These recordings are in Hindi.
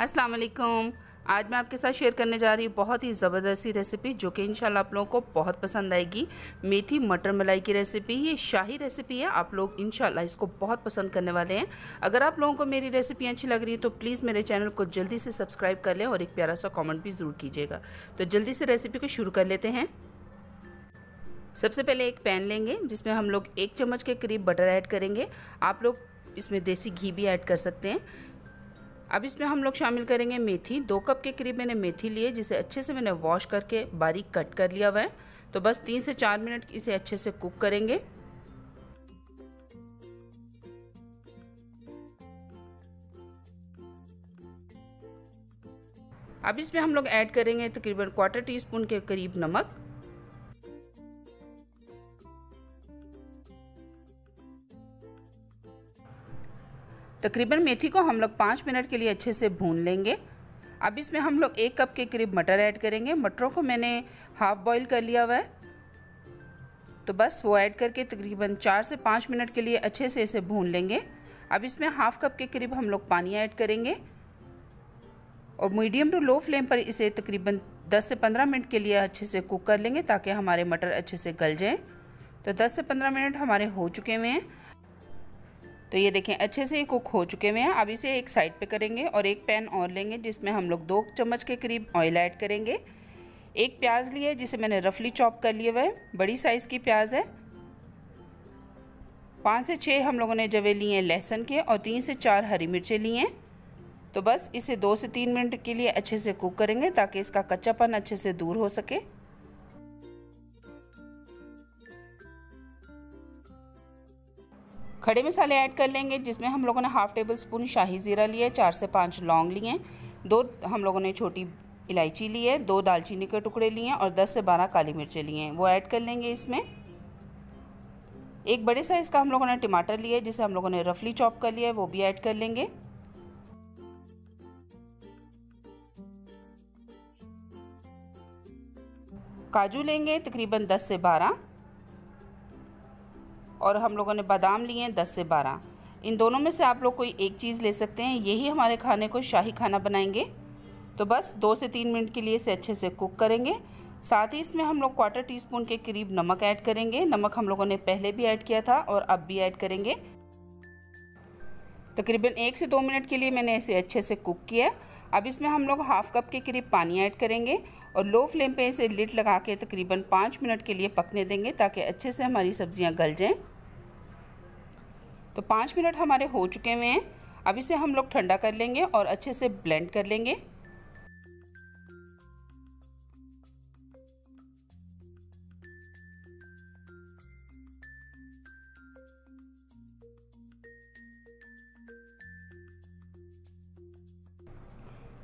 अस्सलाम वालेकुम आज मैं आपके साथ शेयर करने जा रही हूँ बहुत ही ज़बरदस्त सी रेसिपी जो कि इंशाल्लाह आप लोगों को बहुत पसंद आएगी मेथी मटर मलाई की रेसिपी ये शाही रेसिपी है आप लोग इंशाल्लाह इसको बहुत पसंद करने वाले हैं अगर आप लोगों को मेरी रेसिपी अच्छी लग रही है तो प्लीज़ मेरे चैनल को जल्दी से सब्सक्राइब कर लें और एक प्यारा सा कॉमेंट भी ज़रूर कीजिएगा तो जल्दी से रेसिपी को शुरू कर लेते हैं सबसे पहले एक पैन लेंगे जिसमें हम लोग एक चम्मच के करीब बटर ऐड करेंगे आप लोग इसमें देसी घी भी ऐड कर सकते हैं अब इसमें हम लोग शामिल करेंगे मेथी दो कप के करीब मैंने मेथी लिए जिसे अच्छे से मैंने वॉश करके बारीक कट कर लिया हुआ है तो बस तीन से चार मिनट इसे अच्छे से कुक करेंगे अब इसमें हम लोग ऐड करेंगे तकरीबन क्वार्टर टी स्पून के करीब नमक तकरीबन मेथी को हम लोग पाँच मिनट के लिए अच्छे से भून लेंगे अब इसमें हम लोग एक कप के करीब मटर ऐड करेंगे मटरों को मैंने हाफ बॉईल कर लिया हुआ है तो बस वो ऐड करके तकरीबन चार से पाँच मिनट के लिए अच्छे से इसे भून लेंगे अब इसमें हाफ कप के करीब हम लोग पानी ऐड करेंगे और मीडियम टू लो फ्लेम पर इसे तकरीबन 10 से 15 मिनट के लिए अच्छे से कुक कर लेंगे ताकि हमारे मटर अच्छे से गल जाएँ तो 10 से 15 मिनट हमारे हो चुके हुए हैं तो ये देखें अच्छे से ये कुक हो चुके हुए हैं अब इसे एक साइड पे करेंगे और एक पैन और लेंगे जिसमें हम लोग दो चम्मच के करीब ऑयल ऐड करेंगे एक प्याज लिया है जिसे मैंने रफली चॉप कर लिया हुआ है बड़ी साइज़ की प्याज है पाँच से छः हम लोगों ने जवे लिए हैं लहसुन के और तीन से चार हरी मिर्चें लिए हैं तो बस इसे दो से तीन मिनट के लिए अच्छे से कुक करेंगे ताकि इसका कच्चापन अच्छे से दूर हो सके खड़े मसाले ऐड कर लेंगे जिसमें हम लोगों ने हाफ़ टेबल स्पून शाही ज़ीरा लिया चार से पाँच लौंग लिए दो हम लोगों ने छोटी इलायची ली है दो दालचीनी के टुकड़े लिए और 10 से 12 काली मिर्चें लिए हैं वो ऐड कर लेंगे इसमें एक बड़े साइज़ का हम लोगों ने टमाटर लिया है जिसे हम लोगों ने रफली चॉप कर लिया है वो भी ऐड कर लेंगे काजू लेंगे तकरीबन 10 से और हम लोगों ने बादाम लिए हैं दस से बारह इन दोनों में से आप लोग कोई एक चीज़ ले सकते हैं यही हमारे खाने को शाही खाना बनाएंगे तो बस दो से तीन मिनट के लिए इसे अच्छे से कुक करेंगे साथ ही इसमें हम लोग क्वार्टर टी स्पून के करीब नमक ऐड करेंगे नमक हम लोगों ने पहले भी ऐड किया था और अब भी ऐड करेंगे तकरीबन एक से दो मिनट के लिए मैंने इसे अच्छे से कुक किया अब इसमें हम लोग हाफ़ कप के करीब पानी ऐड करेंगे और लो फ्लेम पे इसे लिट लगा के तकरीबन पाँच मिनट के लिए पकने देंगे ताकि अच्छे से हमारी सब्ज़ियाँ गल जाएँ तो पाँच मिनट हमारे हो चुके हुए हैं अब इसे हम लोग ठंडा कर लेंगे और अच्छे से ब्लेंड कर लेंगे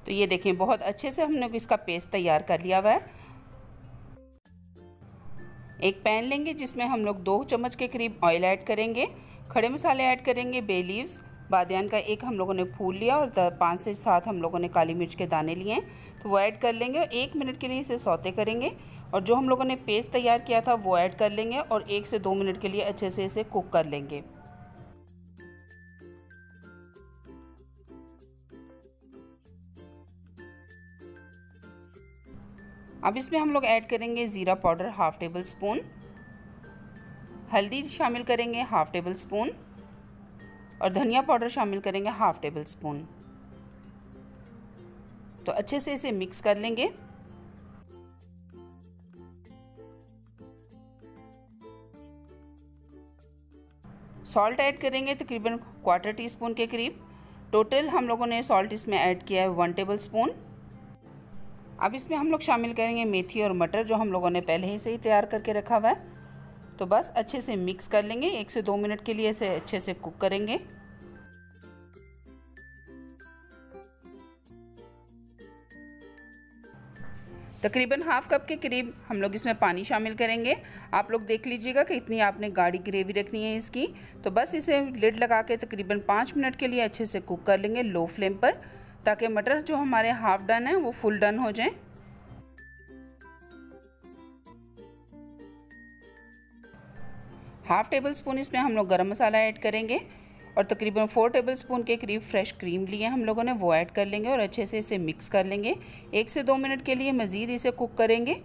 तो ये देखें बहुत अच्छे से हमने इसका पेस्ट तैयार कर लिया हुआ है एक पैन लेंगे जिसमें हम लोग दो चम्मच के करीब ऑयल ऐड करेंगे खड़े मसाले ऐड करेंगे बे लीव्स बादन का एक हम लोगों ने फूल लिया और पाँच से सात हम लोगों ने काली मिर्च के दाने लिए हैं तो वो ऐड कर लेंगे और एक मिनट के लिए इसे सौते करेंगे और जो हम लोगों ने पेस्ट तैयार किया था वो ऐड कर लेंगे और एक से दो मिनट के लिए अच्छे से इसे कुक कर लेंगे अब इसमें हम लोग ऐड करेंगे ज़ीरा पाउडर हाफ़ टेबल स्पून हल्दी शामिल करेंगे हाफ़ टेबल स्पून और धनिया पाउडर शामिल करेंगे हाफ़ टेबल स्पून तो अच्छे से इसे मिक्स कर लेंगे सॉल्ट ऐड करेंगे तकरीबन क्वार्टर टी स्पून के करीब टोटल हम लोगों ने सॉल्ट इसमें ऐड किया है वन टेबल स्पून अब इसमें हम लोग शामिल करेंगे मेथी और मटर जो हम लोगों ने पहले ही से ही तैयार करके रखा हुआ है तो बस अच्छे से मिक्स कर लेंगे एक से दो मिनट के लिए इसे अच्छे से कुक करेंगे तकरीबन हाफ कप के करीब हम लोग इसमें पानी शामिल करेंगे आप लोग देख लीजिएगा कि इतनी आपने गाढ़ी ग्रेवी रखनी है इसकी तो बस इसे लिड लगा के तकरीबन पाँच मिनट के लिए अच्छे से कुक कर लेंगे लो फ्लेम पर ताकि मटर जो हमारे हाफ डन है वो फुल डन हो जाए हाफ टेबल स्पून इसमें हम लोग गर्म मसाला ऐड करेंगे और तकरीबन फोर टेबल स्पून के करीब फ्रेश क्रीम लिए हम लोगों ने वो ऐड कर लेंगे और अच्छे से इसे मिक्स कर लेंगे एक से दो मिनट के लिए मज़ीद इसे कुक करेंगे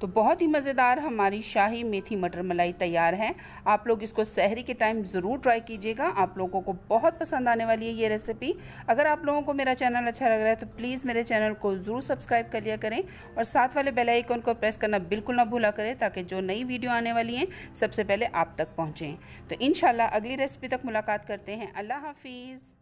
तो बहुत ही मज़ेदार हमारी शाही मेथी मटर मलाई तैयार है आप लोग इसको सहरी के टाइम ज़रूर ट्राई कीजिएगा आप लोगों को बहुत पसंद आने वाली है ये रेसिपी अगर आप लोगों को मेरा चैनल अच्छा लग रहा है तो प्लीज़ मेरे चैनल को ज़रूर सब्सक्राइब कर लिया करें और साथ वाले बेल आइकन को प्रेस करना बिल्कुल ना भूला करें ताकि जो नई वीडियो आने वाली हैं सबसे पहले आप तक पहुँचें तो इन अगली रेसिपी तक मुलाकात करते हैं अल्लाह हाफिज़